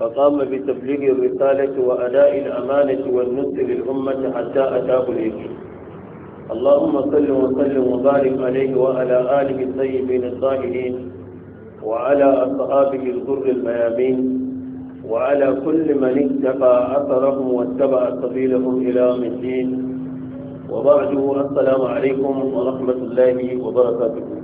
فقام بتبليغ الرسالة وأداء الأمانة والنصر للأمة حتى أتاه اليقين اللهم صل وسلم وبارك عليه وعلى آله الطيبين الطاهرين وعلى أصحابه الغر الميامين وعلى كل من اتقى أثرهم واتبع سبيلهم إلى يوم الدين وبعده السلام عليكم ورحمة الله وبركاته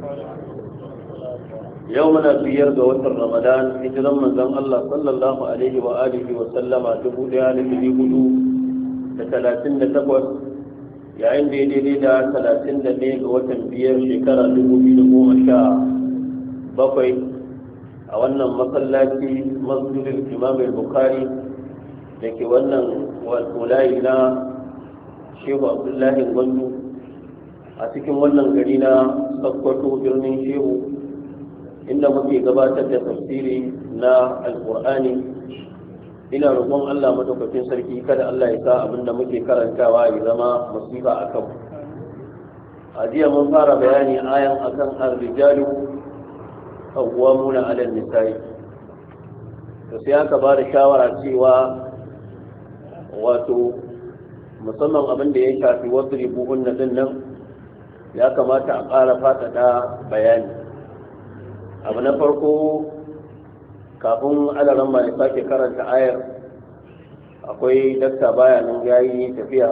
yau muna biyar ga watan ramadan hijiran manzon Allah sallallahu alaihi wa alihi wa sallama dubu daya da dubu hudu da talatin da takwas yayin da ya daidai da talatin da ne ga watan biyar shekara dubu biyu da goma sha bakwai a wannan masallaci masjidin imam bukari da ke wannan walayi na shehu abdullahi gwandu a cikin wannan gari na sakkwato birnin shehu inda muke gabatar da tafsiri na alkur'ani ina roƙon Allah madaukakin sarki kada Allah ya sa abin da muke karantawa ya zama musiba a kan a jiya mun fara bayani ayan akan ar-rijalu qawwamuna 'ala an-nisa'i to sai aka ba da shawara cewa wato musamman abin da ya shafi ribuhun din nan ya kamata a ƙara faɗaɗa bayani abu na farko kafin alaran ma ya sake karanta ayar akwai dakta baya nan ya yi tafiya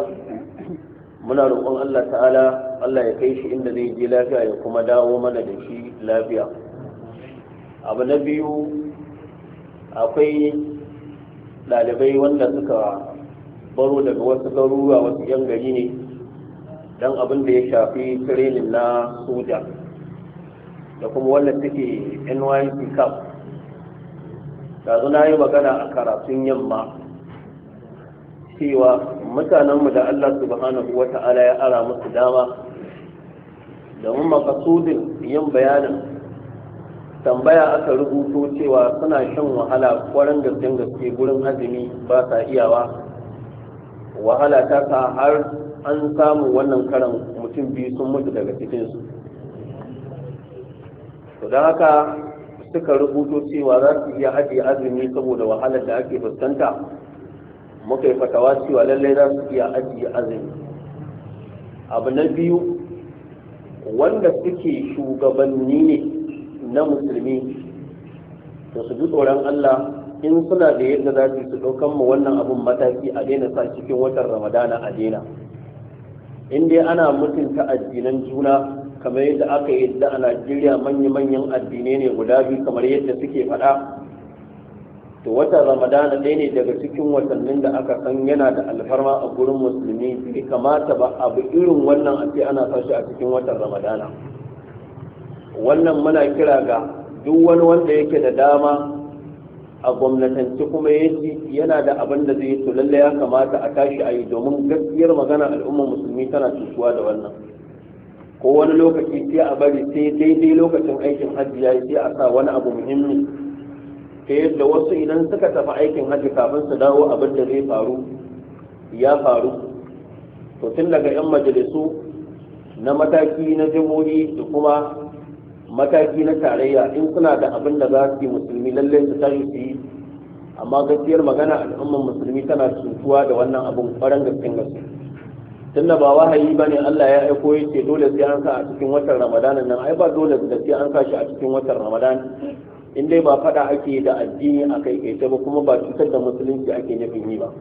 muna roƙon allah ta'ala allah ya kai shi inda zai je lafiya ya kuma dawo mana da shi lafiya abu na biyu akwai ɗalibai wanda suka baro daga wasu garuruwa wasu yan gari ne don abin da ya shafi tirenin na soja da kuma wanda take nyc cup da na yi magana a karatun yamma cewa mutanenmu da allah subhanahu wa ta'ala ya ara musu dama domin makasudin yin bayanin tambaya aka rubuto cewa suna shan wahala kwarin gaske gaske gurin azumi ba sa iyawa wahala ta sa har an samu wannan karan mutum biyu sun mutu daga cikinsu to da haka suka rubuto cewa za su iya haɗe azumi saboda wahalar da ake fuskanta muka yi fatawa cewa lallai za su iya ajiye azumi abu na biyu wanda suke shugabanni ne na musulmi to su bi tsoron Allah in suna da yadda za su ɗaukan mu wannan abun mataki a daina sa cikin watan ramadana a daina in dai ana mutunta addinan juna kamar yadda aka yi da a najeriya manya-manyan addinai ne guda biyu kamar yadda suke faɗa to watan ramadana ɗaya ne daga cikin watannin da aka san yana da alfarma a gurin musulmi bai kamata ba abu irin wannan a ce ana sashi a cikin watan ramadana wannan muna kira ga duk wani wanda yake da dama a gwamnatanci kuma ji yana da abin da zai to lalle ya kamata a tashi a yi domin gaskiyar magana al'ummar musulmi tana cutuwa da wannan ko wani lokaci sai a bari sai daidai lokacin aikin hajji ya yi sai a sa wani abu muhimmi ta yadda wasu idan suka tafi aikin hajji kafin su dawo abin da zai faru ya faru to tun daga 'yan majalisu na mataki na jihohi da kuma mataki na tarayya in suna da abin da za su yi musulmi lallai su tashi su yi amma gaskiyar magana al'ummar musulmi tana cutuwa da wannan abin ƙwarar gaskiyar gaske tunda ba wahayi bane Allah ya aiko ya ce dole sai an ka a cikin watan Ramadan nan ai ba dole da sai an ka shi a cikin watan Ramadan in dai ba fada ake da addini a kai kai ba kuma ba cutar da musulunci ake nufin yi ba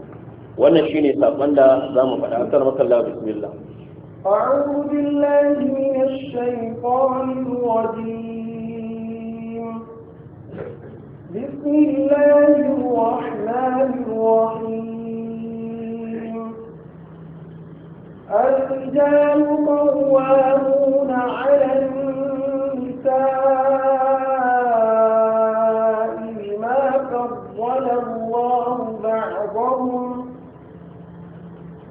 wannan shine sakon da zamu faɗa asar makallah bismillah أعوذ بالله من الشيطان الرجيم بسم الله الرحمن الرحيم الرجال قوامون على النساء بما فضل الله بعضهم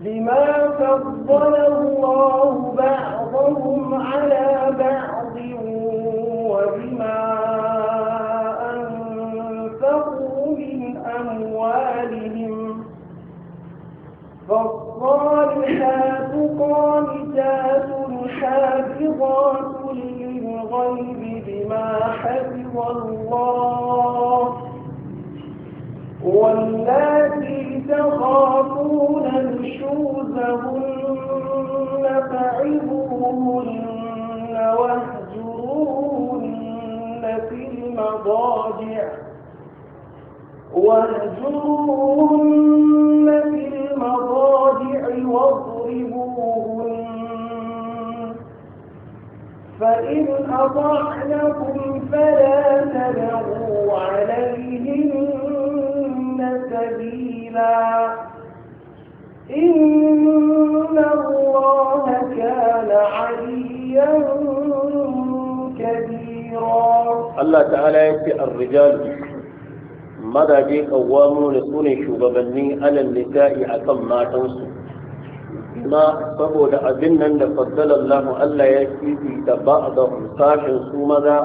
بما فضل الله بعضهم على بعض وبما أنفقوا من أموالهم والصالحات قانتات حافظات للغيب بما حفظ الله واللاتي تخافون نشوزهن فعظوهن واهجروهن في المضاجع واهجرهن في المضاجع واضربوهن فإن أطعنكم فلا تبغوا عليهن سبيلا إن الله كان عليا كبيرا الله تعالى يكفي الرجال mazaje kawamu da su ne shugabanni alal nisa'i akan matansu ma saboda abin nan da faddalallahu Allah ya fifi da ba'dahum sashin su maza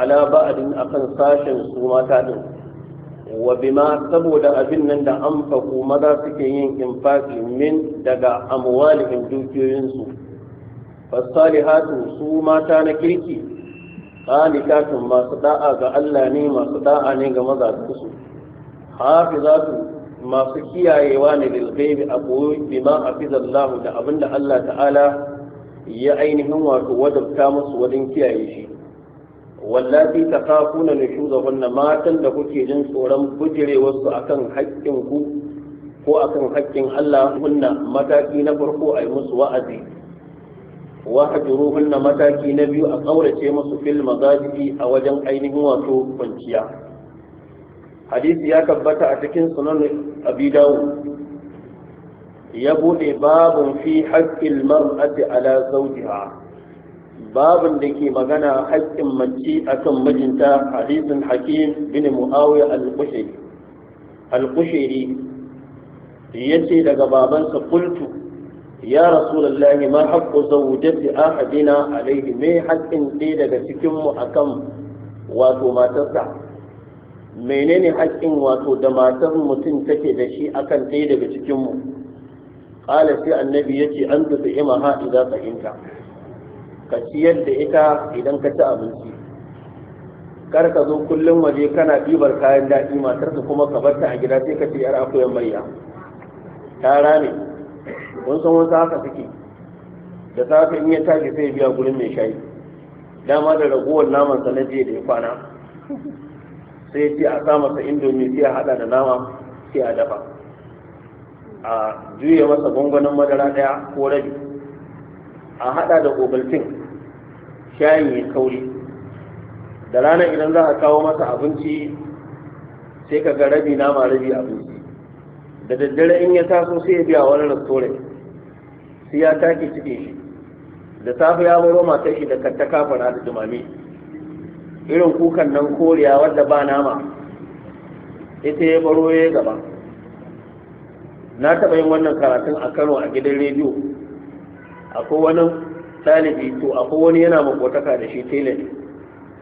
ala ba'din akan sashen su mata din wa bima saboda abin nan da anfaqu maza suke yin infaqi min daga amwalihim dukiyoyinsu fasalihatu su mata na kirki qalikatun masu da'a ga Allah ne masu da'a ne ga maza za hafizatu masu kiyayewa ne lil ghaibi a koyi bima hafizallahu da abinda Allah ta'ala ya ainihin wato wadabta musu wajen kiyaye shi wallati takafuna nushuzahunna matan da kuke jin tsoron bujirewarsu akan haƙƙin ku ko akan haƙƙin Allah hunna mataki na farko a yi musu wa'azi wahjuruhunna mataki na biyu a kaurace musu fil mazaji a wajen ainihin wato kwanciya hadisi ya tabbata a cikin sunan abi dawud ya bude babun fi haqqil mar'ati ala zawjiha babun da ke magana haƙƙin mace akan mijinta hadisin hakim bin muawiya al-qushayri al-qushayri yace daga babansa qultu ya rasulullahi ma haqqu zawjati ahadina alayhi me haƙƙin ɗaya daga cikin mu akan wato matarsa menene haƙƙin wato da matar mutum take da shi akan ɗaya daga cikin mu qala sai annabi yace an tu'ima ha idza sa'inta ka ciyar da ita idan ka ci abinci kar ka zo kullum waje kana ɗibar kayan daɗi matarka kuma ka bar ta a gida sai ka ce yar akuyan mayya ta rame kun san wasu haka suke da safe in ya tashi sai biya gurin mai shayi dama da ragowar naman sa na jiya da ya kwana sai ce a sa masa indomi sai a hada da nama sai a dafa a juya masa gwangwanin madara daya ko rabi a hada da obaltin shayin ya kauri da rana idan za a kawo masa abinci sai ka ga rabi nama rabi abinci da daddare in ya taso sai ya biya wani rastore sai ya take cikin shi da safe ya baro matar shi da katta kafara da jumami irin kukan nan koriya wadda ba nama ita ya baro ya gaba na taɓa yin wannan karatun a kano a gidan rediyo akwai wani ɗalibi to akwai wani yana makotaka da shi tailor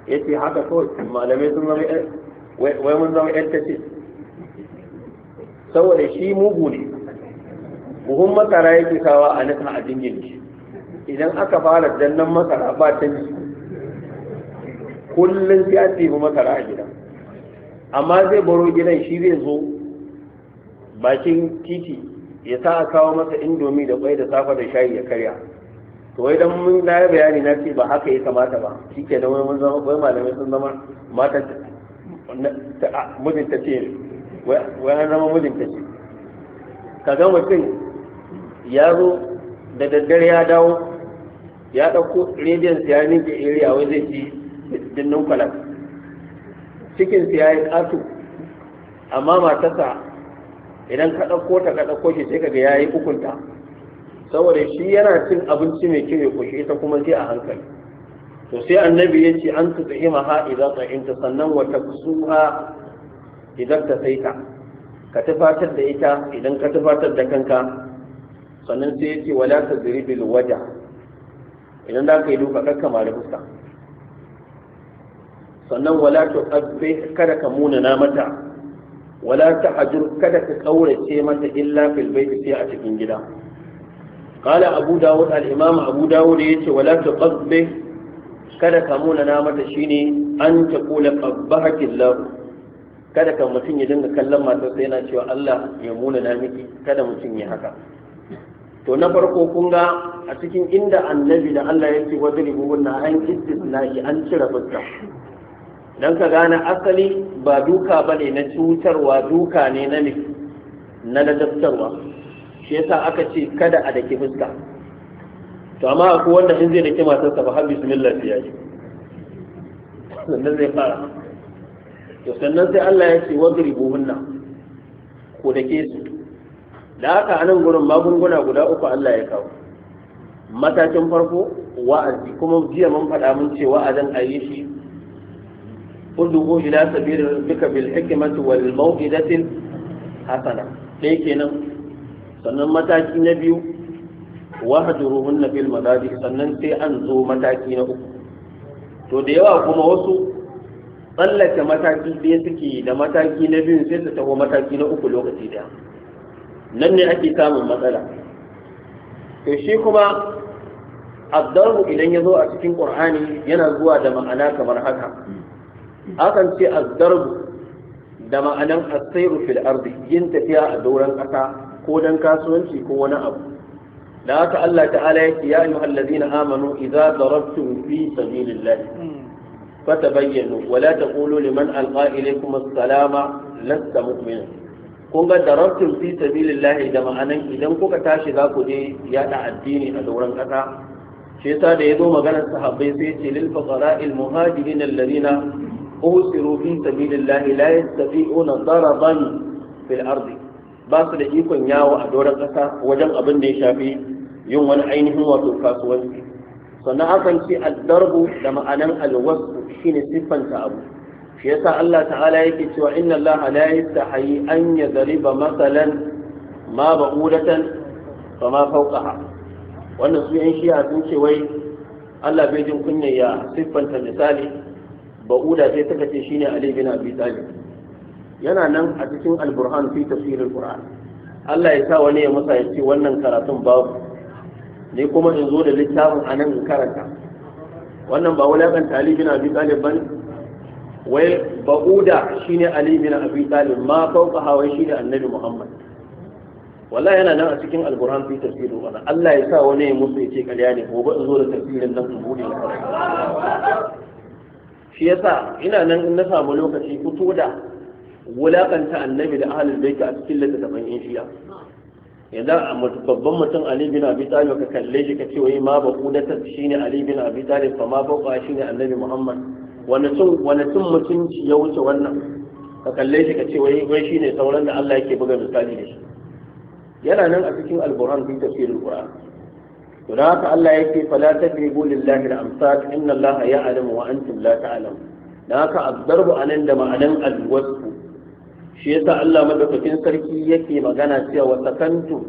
ya ce haka kawai malamai sun zama wai mun zama saboda shi mugu ne buhun masara yake kawa a nasa a jingin idan aka fara dannan masara ba ta ji kullum sai an ɗebi masara a gida amma zai baro gidan shi zai zo bakin titi ya sa a kawo masa indomi da kwai da safa da shayi ya karya to wai dan mun na bayani na ce ba haka ya kamata ba shike da wai mun zama wai malamai sun zama matan ta ce wai zama mijinta ce ka ga mutum ya zo da daddare ya dawo ya ɗauko rediyon ya ninke iri a wajen ci dinnin kwalam cikin ya yi ƙatu, amma matasa idan ka ɗauko ta ka ɗauko shi sai ka ga ya yi hukunta saboda shi yana cin abinci mai kyau ya kushe ita kuma sai a hankali to sai annabi ya ce an ta ma ha idan ta sannan wata kusuha idan ta sai ta ka tufatar da ita idan ka tufatar da kanka sannan sai yake wala ta ziribil waja idan za ka yi duka kakka mara fuska sannan wala ta ƙabbe kada ka munana mata wala ta hajur kada ka ƙaurace mata illa fil baiti sai a cikin gida قال أبو داود الإمام أبو داود يتي ولا تقبه كذا كمونا نامت شيني أن تقول قبهك الله kada ka mutum ya dinga kallon matarsa yana cewa Allah ya muna na miki kada mutum ya haka to na farko kun ga a cikin inda annabi da Allah yake wadribu wannan an istisna'i an cire fuska dan ka gane asali ba duka bane na cutarwa duka ne na miki na ladabtarwa shi yasa aka ce kada a daki fuska to amma akwai wanda in zai daki matarsa ba har bismillah ya yi sannan zai fara to sannan sai Allah ya ce wazribu hunna ko da ke su da aka anan gurin magunguna guda uku Allah ya kawo matakin farko wa'azi kuma jiya mun faɗa mun ce wa'azin a yi shi ud'u ila sabili rabbika bil hikmati wal mawidati hasana dai kenan sannan mataki na biyu wahjuruhunna bil madadi sannan sai an zo mataki na uku to da yawa kuma wasu tsallake mataki ɗaya suke da mataki na biyu sai su taho mataki na uku lokaci daya. nan ne ake samun matsala to shi kuma addarbu idan ya zo a cikin ƙur'ani yana zuwa da ma'ana kamar haka akan ce addarbu da ma'anan asairu fil ardi yin tafiya a doron ƙasa ko dan kasuwanci ko wani abu da haka Allah ta'ala ya ce ya ayyuhallazina amanu idza darabtum fi sabilillah فتبينوا ولا تقولوا لمن ألقى إليكم السلام لست مؤمنا kun ga darabtum fi sabilillahi da ma'anan idan kuka tashi za ku je yada addini a doron kasa shi yasa da yazo maganar sahabbai sai ce lil fuqara'il muhajirin alladhina usiru fi sabilillahi la yastati'una daraban fil ardi ba su da ikon yawo a doron kasa wajen abin da ya shafi yin wani ainihin wato kasuwanci sannan hakan ce addarbu da ma'anan alwasu shine siffanta abu shi yasa Allah ta'ala yake cewa inna Allah la yastahi an yadriba masalan ma ba'udatan fama fawqaha wannan su yan shi'a sun ce wai Allah bai jin kunya ya siffanta misali ba'uda sai ta ce shine Ali bin Abi Talib yana nan a cikin al-Qur'an fi tafsir al-Qur'an Allah ya sa wani ya masa ya ce wannan karatun babu Ni kuma in zo da littafin a nan in karanta wannan ba wulaƙanta Ali bin Abi Talib bane wai ba'uda shine Ali bin Abi Talib ma fauka hawai shine Annabi Muhammad wallahi yana nan a cikin alquran fi tafsiri wala Allah ya sa wani ya musu yace ƙarya ne gobe in zo da tafsirin nan in bude shi yasa ina nan in na samu lokaci fito da wulakanta Annabi da ahlul baiti a cikin littafin Inshiya idan a babban mutum ali bin abi talib ka kalle shi ka ce wai ma ba kudata shine ali bin abi talib fa ma ba shine annabi muhammad wani tun wani tun mutunci ya wuce wannan ka kalle shi ka ce wai wai shine sauran da Allah yake buga misali da shi yana nan a cikin alquran bi tafsirul quran to da haka Allah yake fala tadribu lillahi al-amsal inna Allah ya'lamu wa antum la ta'lamun da haka azdarbu anan da ma'anan alwasf shi yasa Allah madaukakin sarki yake magana cewa wa sakantu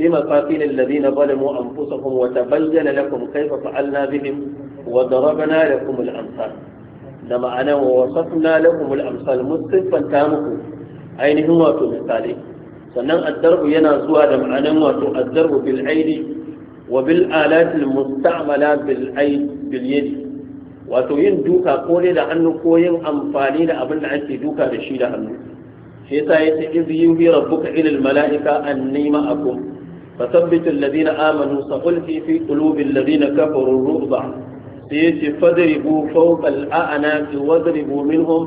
fi maqatil alladhina zalamu anfusahum wa tabayyana lakum kayfa fa'alna bihim wa darabna lakum al-amsal da ma'ana wa wasafna lakum al-amsal mustafan ta muku ainihin wato misali sannan addarbu yana zuwa da ma'anan wato addarbu bil aidi wa bil alatil musta'mala bil aidi bil yadi wato yin duka ko ne da hannu ko yin amfani da abin da ake duka da shi da hannu shi yasa yace iz yuhi rabbuka ila al malaika anni ma'akum فثبت الذين آمنوا سقلتي في قلوب الذين كفروا الرعب سيتي فاضربوا فوق الأعناق واضربوا منهم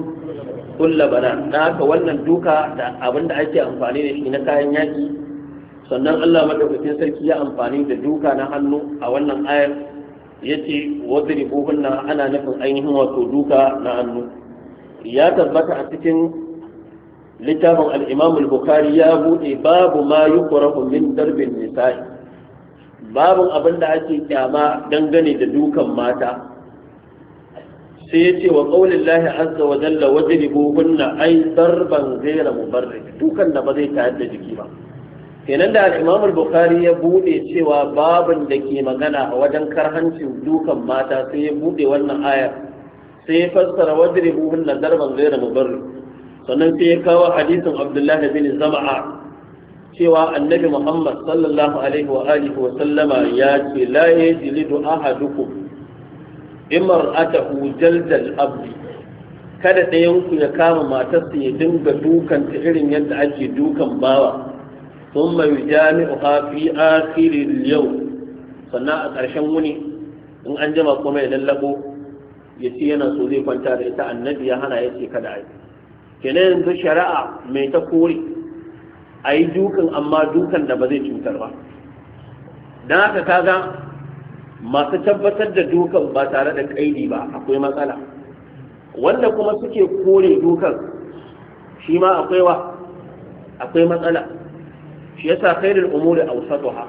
كل بنان ذاك wannan duka da abin da ake amfani da shi na kayan yaki sannan Allah madaukakin sarki ya amfani da duka na hannu a wannan ayar yace wadribu hunna ana nufin ainihin wato duka na hannu ya tabbata a cikin littafin Al'imamul imam bukhari ya buɗe babu ma yukrahu min darbin nisa'i babun abin da ake kyama dangane da dukan mata sai ya ce wa ƙaunin lahi azza wa jalla wajen ribuhunna ai darban zera mu dukan da ba zai tayar da jiki ba kenan da Al'imamul bukhari ya buɗe cewa babin da ke magana a wajen karhancin dukan mata sai ya buɗe wannan ayar, sai ya fassara waje wajen ribuhunna darban gaira mubarrik sannan sai ya kawo hadisin abdullahi bin zama'a cewa annabi muhammad sallallahu alaihi wa alihi wa sallama ya ce la yajlidu ahadukum jaldal abdi kada ɗayan ku ya kama matarsa ya dinga dukan ta irin yadda ake dukan bawa sun mai jami'uha fi akhirin yau sannan a ƙarshen wuni in an jama kuma ya lallabo ya ce yana so zai kwanta da ita annabi ya hana ya ce kada a yi kenan yanzu shari'a mai ta kore a yi dukan amma dukan da ba zai cutar ba don haka kaga masu tabbatar da dukan ba tare da kaidi ba akwai matsala wanda kuma suke kore dukan shi ma akwai wa akwai matsala shi yasa khairul umuri awsatuha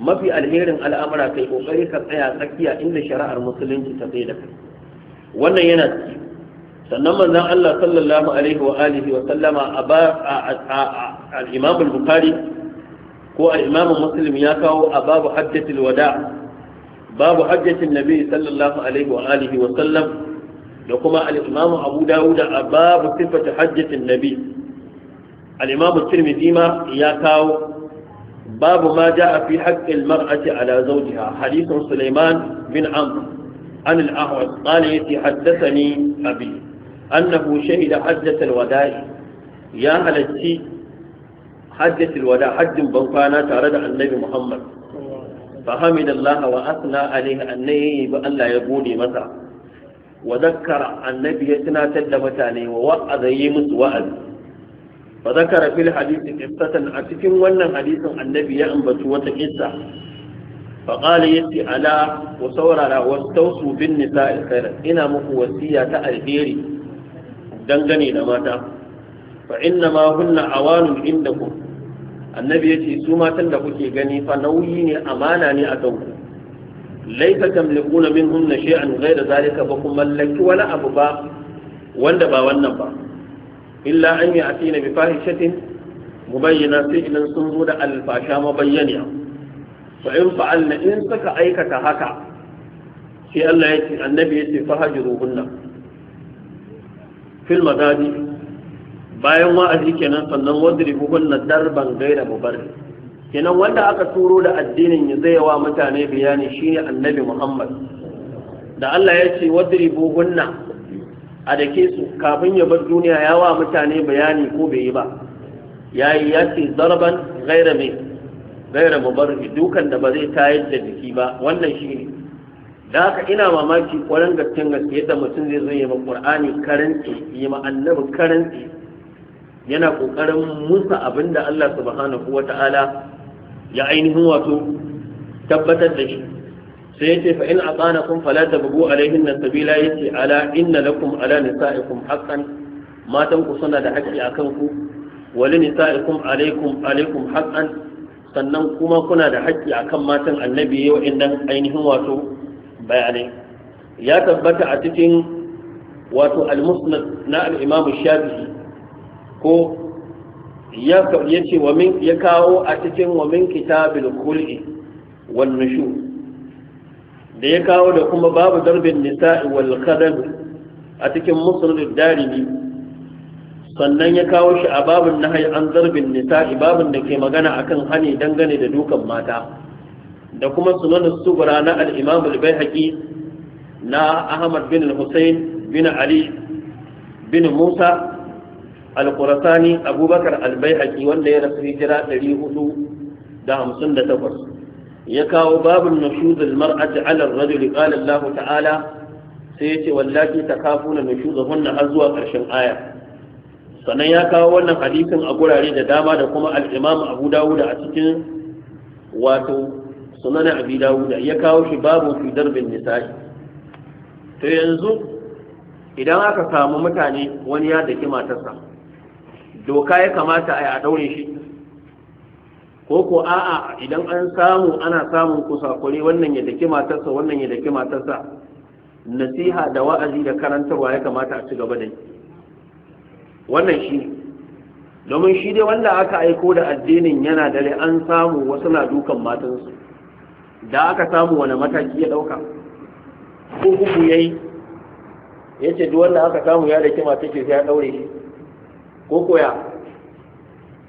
mafi alherin al'amura kai kokari ka tsaya tsakiya inda shari'ar musulunci ta tsaye da kai wannan yana ciki sannan manzon Allah sallallahu alaihi wa alihi wa sallama a Imam Bukhari ko al Imam Muslim ya kawo a babu hajjatul wada babu hajjatul nabi sallallahu alaihi wa alihi wa sallam da kuma al-Imam Abu Dawud a babu sifatu hajjatul nabi al-Imam Tirmidhi ma ya kawo babu ma jaa fi haqqil mar'ati ala zawjiha hadithun Sulaiman bin Amr عن الأعرج قال يتي حدثني أبي annahu shahida hajjatul wada'i ya halarci hajjatul wada hajjin bankwana tare da annabi Muhammad fa hamidallahi wa asna alaihi annabi Allah ya gode masa wa zakkara annabi ya tunatar da mutane wa wa'aza yi musu wa'azi fa zakara fil hadisi qissatan a cikin wannan hadisin annabi ya ambaci wata kissa فقال يتي على وصورا واستوصوا بالنساء خيرا إنا مكو ta Alheri. dangane da mata fa inna ma hunna awanun indakum annabi yace su matan da kuke gani fa nauyi ne amana ne a kanku laifa tamlikuna minhunna shay'an ghayra zalika ba kuma mallaki wani abu ba wanda ba wannan ba illa an yi atina bi fahishatin mubayyana sai idan sun zo da alfasha mabayyaniya fa in fa'alna in suka aikata haka sai Allah ya ce annabi ya ce fahajiruhunna fil madadi bayan wa'azi kenan sannan wadribu na darban gaira mubarri kenan wanda aka turo da addinin ya zai wa mutane bayani shine annabi Muhammad da Allah ya ce wadribu hunna a dake su kafin ya bar duniya ya wa mutane bayani ko bai yi ba yayi ya ce zarban gaira mai gaira mubarri dukan da ba zai tayar da jiki ba wannan shine da haka ina mamaki kwarin gasken gaske yadda mutum zai zo yi ma qur'ani karanci yi ma annabi karanci yana kokarin musa abinda Allah subhanahu wata'ala ya ainihin wato tabbatar da shi sai yace fa in aqanakum fala tabghu alaihinna sabila yace ala inna lakum ala nisaikum haqqan matan ku suna da haƙƙi akan ku wali nisaikum alaikum alaikum haqqan sannan kuma kuna da haƙƙi akan matan annabi yau nan ainihin wato bayanai ya tabbata a cikin wato al-musnad na al-imam shafi'i ko ya yace wa min ya kawo a cikin wa min kitabul khul'i wan nushu da ya kawo da kuma babu darbin nisa'i wal qadab a cikin musnad darimi sannan ya kawo shi a babun nahyi an darbin nisa'i babun da ke magana akan hani dangane da dukan mata da kuma sunan sugura na al-imam al-baihaqi na ahmad bin al bin ali bin musa al-qurasani abubakar al-baihaqi wanda ya rasu hijira 458 ya kawo babun nushuz al-mar'ati 'ala ar-rajuli qala Allah ta'ala sai yace wallaki takafuna nushuzahunna har zuwa karshen aya sannan ya kawo wannan hadisin a gurare da dama da kuma al-imam abu dawud a cikin wato sunan abi dawuda ya kawo shi babu fi darbin nisa'i to yanzu idan aka samu mutane wani ya daki matarsa doka ya kamata a yi a daure shi ko ko a'a idan an samu ana samun kusakure wannan ya daki matarsa wannan ya daki matarsa nasiha da wa'azi da karantarwa ya kamata a ci gaba da wannan shi domin shi dai wanda aka aiko da addinin yana dare an samu wasu na dukan matansu da aka samu wani mataki ya ɗauka ko huku ya yi ya ce duk wanda aka samu ya da kima take sai ya ɗaure shi ko koya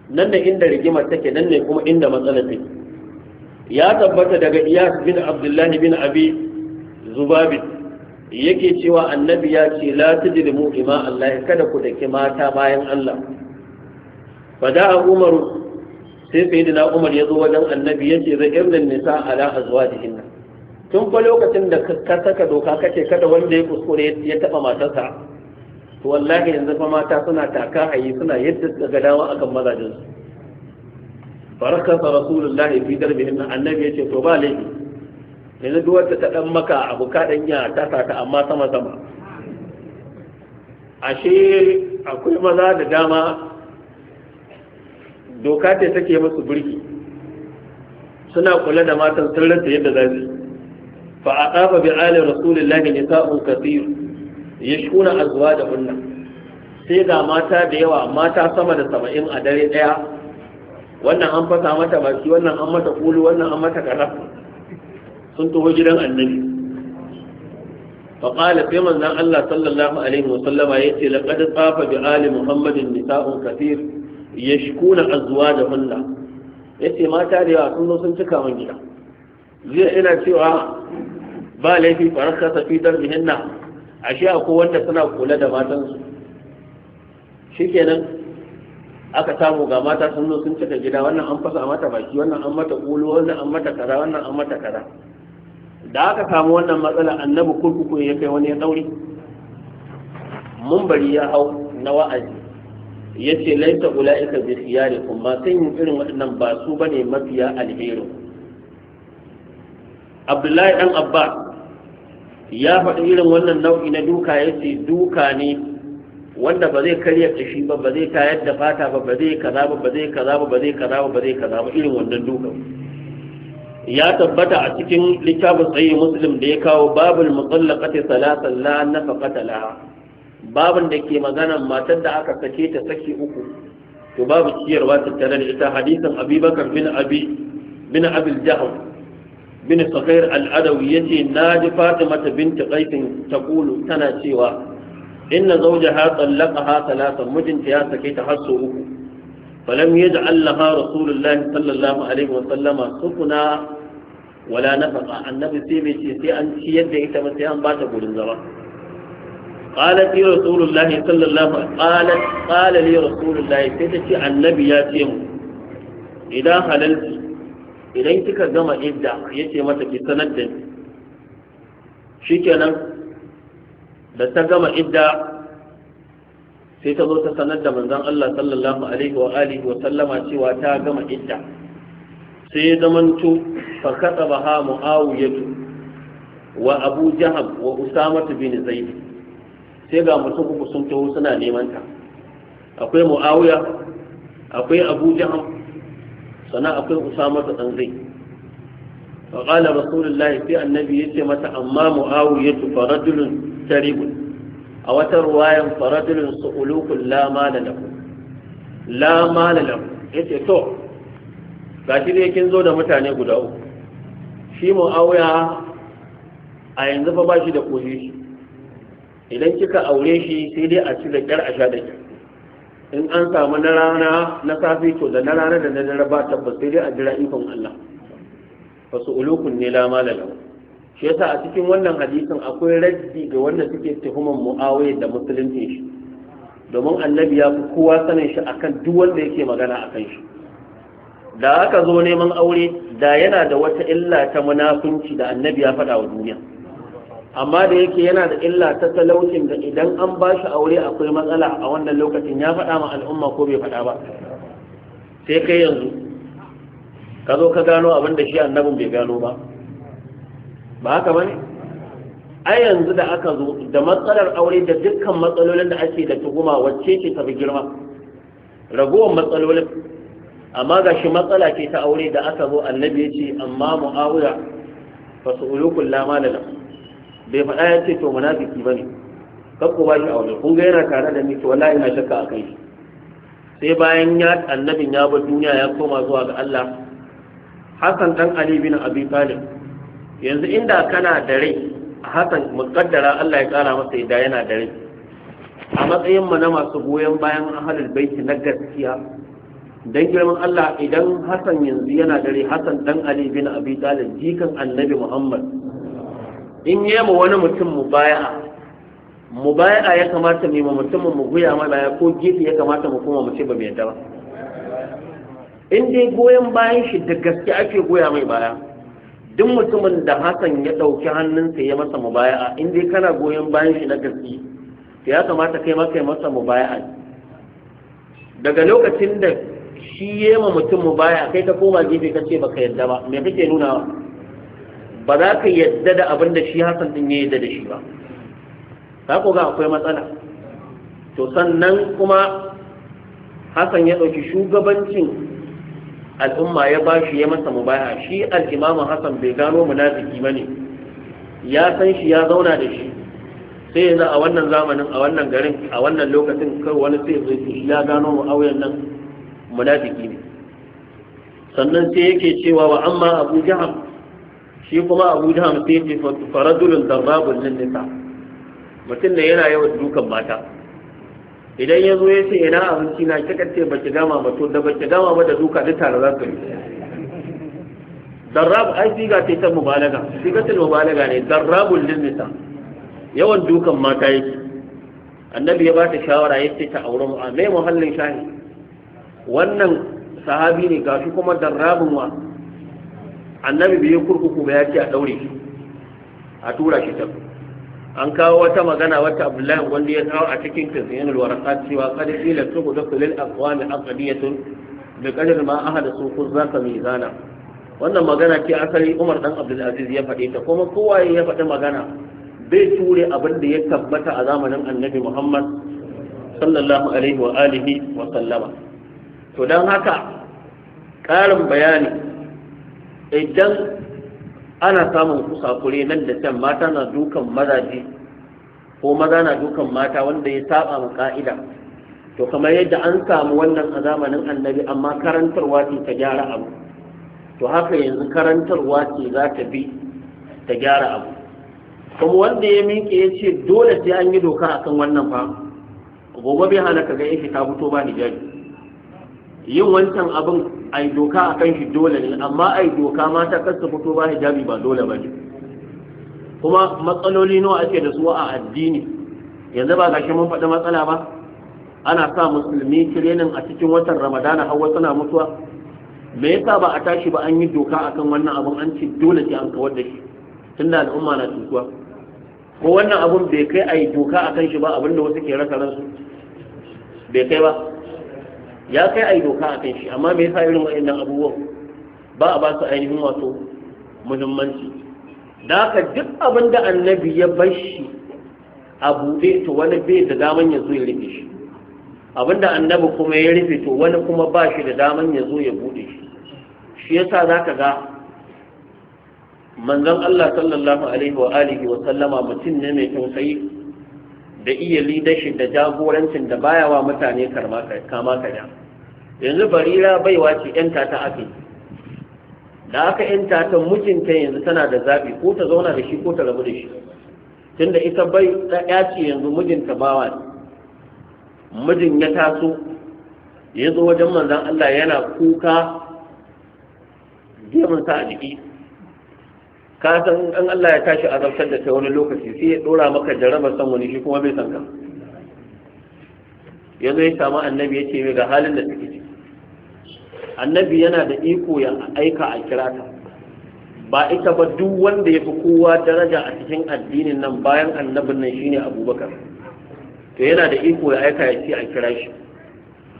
nan da inda rigimar take nan ne kuma inda matsalar take ya tabbata daga iyas bin abdullahi bin abi zubabi yake cewa annabi ya ce la tujrimu ima Allah kada ku daki mata bayan Allah da umaru sai sai da umar ya zo wajen annabi ya ce zai irin nisa ala azwajihin nan tun fa lokacin da ka saka doka kace kada wanda ya kuskure ya taba matarsa to wallahi yanzu fa mata suna taka hayi suna yadda suka ga dama akan mazajin su farakasa rasulullahi fi darbihin annabi ya ce to ba laifi yanzu duk wacce ta dan maka abu ka dan ya ta saka amma sama sama ashe akwai maza da dama doka ce take musu burki suna kula da matan sun yadda za su fa aqaba bi ali rasulillahi nisa'un kathir da azwajahunna sai ga mata da yawa mata sama da 70 a dare daya wannan an fasa mata baki wannan an mata kulu wannan an mata karaf sun taho gidan annabi fa qala sai manzan Allah sallallahu alaihi wasallama yace laqad tsafa bi ali muhammadin nisa'un kathir da yashkuna Ya ce mata da yawa sun zo sun cika min gida zai ina cewa ba laifi farasa ta fi a ashe akwai wanda suna kula da matansu shikenan aka samu ga mata sun zo sun cika gida wannan an fasa mata baki wannan an mata kulu wannan an mata kaza wannan an mata kaza da aka samu wannan matsala annabi kurkuku ya kai wani ya daure mun bari ya hau na wa'azi ya ce laita ula'ika bi khiyarikum ba san yin irin waɗannan ba su bane mafiya alherin abdullahi dan abba ya faɗi irin wannan nau'i na duka ya ce duka ne wanda ba zai karya kashi ba ba zai tayar da fata ba ba zai kaza ba ba zai kaza ba ba zai kaza ba ba zai kaza ba irin wannan duka ya tabbata a cikin littafin sahih muslim da ya kawo babul mutallaqati salatan la nafaqata laha babin da ke magana matar da aka sake ta saki uku to babu ciyarwa tattare da ita hadisin abubakar bin abi bin abil jahm bin sakair ya ce na ji fatimata binta kaifin ta kulu tana cewa inna zauja ha tsallaka ha ya sake ta har uku falam ya ji rasulullahi sallallahu alaihi wa sallama sukuna wala nafaka annabi sai bai ce sai an ciyar da ita ba sai an ba ta gurin zama قالت لي رسول الله صلى الله عليه وسلم قالت قال لي رسول الله تتشي النبي يا تيم إذا حللت إذا انتك جمع إبدع يتي في da ta gama idda sai ta zo ta sanar da manzon Allah sallallahu alaihi wa wa sallama cewa ta gama idda sai ya zamanto fa ha muawiyatu wa abu jahab wa bin sai ga mutum uku sun taho suna neman ta akwai muawiya akwai abu jaham sannan akwai usama ta tsanzai fa qala rasulullahi sai annabi yace mata amma tu faradulun taribun a wata ruwayan faradulun su'ulukun la mala lahu la mala lahu yace to gashi dai kin zo da mutane guda uku shi muawiya a yanzu fa ba shi da shi idan kika aure shi sai dai a cire a sha da kyar in an samu na rana na safe to da na rana da na dare ba tabbas sai dai a jira ikon Allah su ulukun ne la malala shi yasa a cikin wannan hadisin akwai raddi ga wanda suke tuhuman muawiya da musulunci shi domin annabi ya fi kowa sanin shi akan duk wanda yake magana akan shi da aka zo neman aure da yana da wata illa ta munafunci da annabi ya faɗa wa duniya amma da yake yana da illa ta talaucin da idan an ba shi aure akwai matsala a wannan lokacin ya faɗa ma al'umma ko bai faɗa ba sai kai yanzu ka zo ka gano abin da shi annabin bai gano ba ba haka ba ne ai yanzu da aka zo da matsalar aure da dukkan matsalolin da ake da tuhuma wacce ce tafi girma ragowar matsalolin amma ga shi matsala ce ta aure da aka zo annabi ya ce amma mu'awuya su ulukun bai faɗa ya ce to munafiki ne ne. ba bashi a wani kunga yana tare da ni to wallahi ina shakka a kai sai bayan ya annabin ya bar duniya ya koma zuwa ga Allah Hassan dan Ali bin Abi Talib yanzu inda kana da rai Hassan muqaddara Allah ya kara masa yadda yana da rai a matsayin mu na masu goyon bayan ahlul baiti na gaskiya dan girman Allah idan Hassan yanzu yana da rai Hassan dan Ali bin Abi Talib jikan Annabi Muhammad in yi ma wani mutum mu mu mubaya'a ya kamata mu yi ma mutumin mu goya mai baya ko gefe ya kamata mu koma mu ce ba mu yadda ba in dai goyon bayan shi da gaske ake goya mai baya duk mutumin da Hassan ya ɗauki hannunsa ya masa mu mubaya'a in dai kana goyon bayan shi na gaske to ya kamata kai maka masa mu mubaya'a daga lokacin da shi ma mutum mu baya kai ka koma gefe ka ce ba ka yadda ba me kake nuna ba za ka yadda da abin da shi Hassan din ya yadda da shi ba ta ga akwai matsala to sannan kuma Hassan ya ɗauki shugabancin al'umma ya ba shi ya masa mu baya, shi al'imamin Hassan bai gano munafiki ba ne ya san shi ya zauna da shi sai yanzu a wannan zamanin a wannan garin a wannan lokacin kar wani sai zai ce ya gano mu auyen nan munafiki ne sannan sai yake cewa wa amma Abu jahar shi kuma abu hamsin sai ce faradulun darrabun lin nisa mutum da yana yawan dukan mata idan ya zo ya ce ina abinci na kika ce baki gama ba to da baki gama ba da duka duk tare za su yi darrab ai siga ce ta mubalaga sigatul mubalaga ne darrabun lin nisa yawan dukan mata yake annabi ya ba ta shawara ya ce ta auren mu'amai a muhallin shahi wannan sahabi ne gashi kuma darrabun wa annabi bai kurkuku ba ya ce a daure a tura shi ta an kawo wata magana wata abdullahi wanda ya kawo a cikin tasirin waraka cewa kada kila su ku dafa lil aqwami aqdiyatun bi qadar ma ahada su ku zaka zana? wannan magana ce asali Umar dan abdulaziz ya faɗe ta kuma kowa ya faɗi magana bai ture abin da ya tabbata a zamanin Annabi Muhammad sallallahu alaihi wa alihi wa sallama to dan haka ƙarin bayani idan ana samun kusakure nan da can mata na dukan mazaje ko maza na dukan mata wanda ya saba ma ka'ida to kamar yadda an samu wannan a zamanin annabi amma karantarwa ce ta gyara abu to haka yanzu karantarwa ce za ta bi ta gyara abu kuma wanda ya miƙe ya ce dole sai an yi doka akan wannan fa gobe bai hana ka ga ya ta fito ba jaji. yin wancan abin ai doka a kan shi dole ne amma ai doka mata kar su fito ba hijabi ba dole ba ne kuma matsaloli nawa ake da su a addini yanzu ba gashi mun faɗi matsala ba ana sa musulmi tirenin a cikin watan ramadana wasu na mutuwa me yasa ba a tashi ba an yi doka akan wannan abin an ce dole sai an kawar da shi tunda al'umma na cutuwa ko wannan abun bai kai a yi doka akan shi ba abinda wasu ke rasa ransu bai kai ba ya kai a yi doka a kan shi amma me sa irin waɗannan abubuwan ba a ba su ainihin wato muhimmanci da haka duk abin da annabi ya bar shi a buɗe to wani bai da daman ya zo ya rufe shi abin da annabi kuma ya rufe to wani kuma ba shi da daman ya zo ya buɗe shi shi yasa za ka ga manzon Allah sallallahu alaihi wa alihi wa sallama mutum ne mai tausayi da iya leadership da jagorancin da baya wa mutane kama karya yanzu barira baiwa ce yanta ta ake da aka 'yanta ta mijinta yanzu tana da zaɓi ko ta zauna da shi ko ta rabu da shi tunda ita bai ya ce yanzu mijinta bawa ne mijin ya taso ya wajen manzan Allah yana kuka gemunsa a jiki ka san an Allah ya tashi azabtar da kai wani lokaci sai ya dora maka jarabar san wani shi kuma bai san ka yanzu ya samu annabi ya ce mai ga halin da take ciki annabi yana da iko ya aika a kira ba ita ba duk wanda ya fi kowa daraja a cikin addinin nan bayan annabin nan shine abubakar to yana da iko ya aika ya ce a kira shi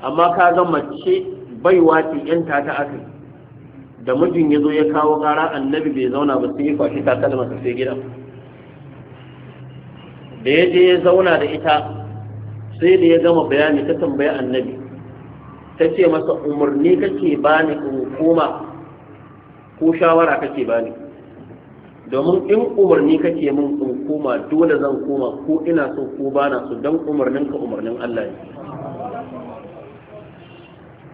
amma ka ga mace baiwa ce yanta ta asali da mijin ya zo ya kawo gara annabi bai zauna ba sai ya kwashi takalma sai gida da ya je ya zauna da ita sai da ya gama bayani ta tambaya annabi ta ce masa umarni kake bani in koma ko shawara kake ba ni, domin in umarni kake min in koma dole zan koma ko ina so ko bana so dan umarninka umarnin Allah ne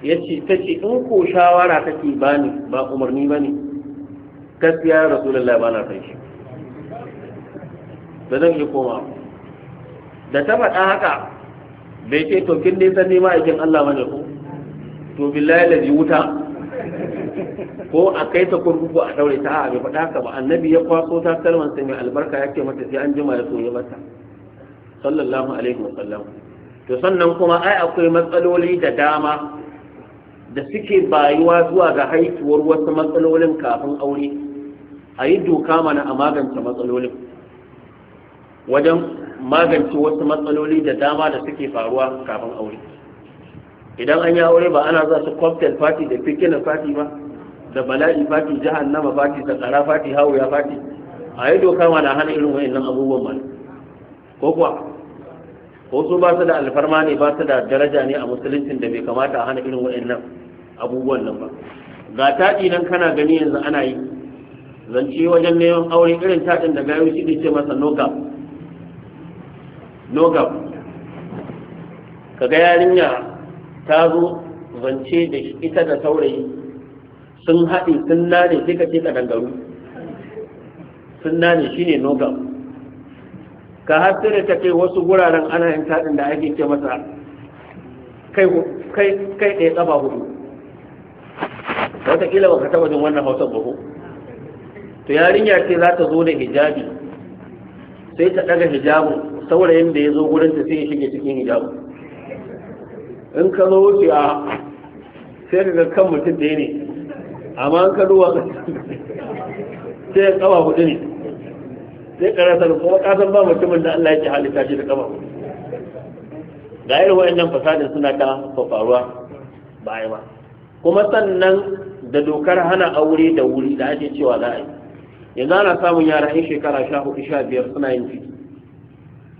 ya ce ta ce in ko shawara kake ba ni ba umarni ba ne gaskiya rasulullah ba na san shi da zan yi koma da ta faɗa haka bai ce to kin dai san nema aikin Allah bane ko to billahi lazi wuta ko a kai ta kurkuku a daure ta a bai faɗa haka ba annabi ya kwaso ta kalman sai mai albarka yake mata sai an jima ya soye mata sallallahu alaihi wa sallam to sannan kuma ai akwai matsaloli da dama da suke bayuwa zuwa ga haifuwar wasu matsalolin kafin aure a yi doka mana a magance matsalolin wajen magance wasu matsaloli da dama da suke faruwa kafin aure idan an yi aure ba ana za su cocktail party da fikinin party ba da bala'i party jahannama party da tsara party ya party a yi doka mana hana irin wayannan abubuwan mana ko kuwa wasu ba su da alfarma ne ba su da daraja ne a musuluncin da bai kamata a hana irin waɗannan abubuwan nan ba ga taɗi nan kana gani yanzu ana yi zance wajen neman aure irin taɗin da gayu shi ce masa nogab nogab kaga yarinya ta zo zance da ita da saurayi sun haɗe sun nane sai ka ce ka dangaru sun nane shine nogab ka har sai ta kai wasu wuraren ana yin taɗin da ake ce masa kai ɗaya ƙafa hudu wataƙila ba ka taɓa jin wannan hausar ba ko to yarinya ce za ta zo da hijabi sai ta ɗaga hijabu saurayin da ya zo gurin ta sai ya shige cikin hijabu in ka zo wuce a sai ka ga kan mutum ɗaya ne amma in ka duwa sai ya ƙafa hudu ne sai ka rasa kuma ka san ba mutumin da Allah yake halitta shi da kama ga irin wayannan fasadin suna ta faruwa ba yi ba kuma sannan da dokar hana aure da wuri da ake cewa za a yi yanzu ana samun yara yin shekara sha hudu sha biyar suna yin ciki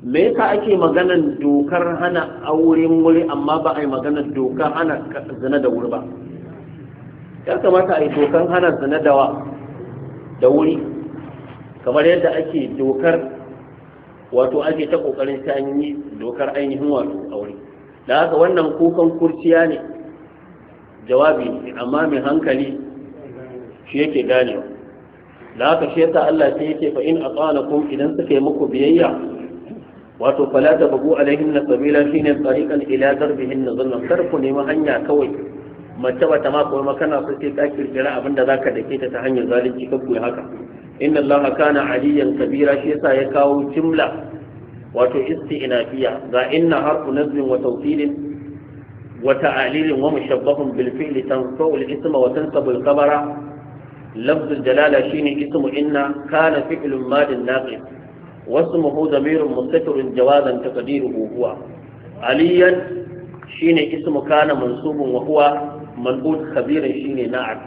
me yasa ake maganan dokar hana auren wuri amma ba a yi maganar dokar hana zina da wuri ba ya kamata a yi dokar hana zina da wuri kamar yadda ake dokar wato ake ta kokarin ta yi dokar ainihin wato aure da haka wannan kukan kurciya ne jawabi ne amma mai hankali shi yake gane da haka shi yasa Allah sai yake fa in aqanakum idan suka yi muku biyayya wato fala ta bagu alaihin na sabila shine tsarikan ila darbihin na zulm kar ku nemi hanya kawai mace bata ma kuma kana so sai ka kirkira abinda zaka dake ta ta hanyar zalunci kakkuwa haka inna allaha kana aliyan kabira shi yasa ya kawo jimla wato isti'nafiya ga inna harfu nazmin wa tawkilin wa ta'alilin wa mushabbahun bil fi'li tanfa'u al isma wa tansabu al khabara لفظ الجلالة شيني اسم إن كان فعل ماد ناقص واسمه ضمير مستتر جوازا تقديره هو عليا شيني اسم كان منصوب وهو منقول خبير شيني ناعم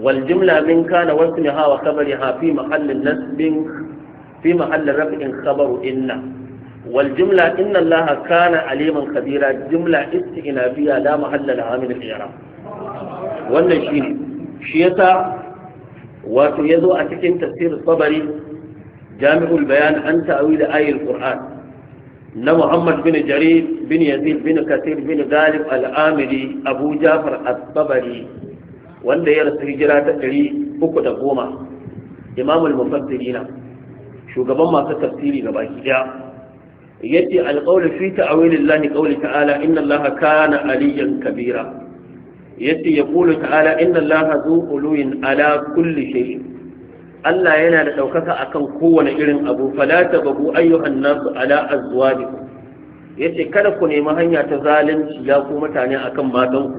wal jumla min kana wasmiha wa khabariha fi mahallin nasbin fi mahallin raf'in khabaru inna wal jumla inna Allah kana aliman kabira jumla isti'nafiya la mahalla la amil al-i'rab wannan shine shi yasa wato yazo a cikin tafsir sabari jami'ul bayan an ta'wil ayatul qur'an na muhammad bin jarir bin yazid bin kasir bin galib al'amiri abu jafar al-tabari wanda ya rasu hijira ta ɗari uku da goma imamul mufassirina shugaban masu tafsiri ga baki ɗaya yace alqawlu fi ta'wilillahi qawli ta'ala inna allaha kana aliyan kabira yace yaqulu ta'ala inna allaha zu uluyin ala kulli shay Allah yana da ɗaukaka akan kowane irin abu fala tabu ayyuhan nasu ala azwajikum ya ce kada ku nemi hanya ta zalunci ya ku mutane akan matanku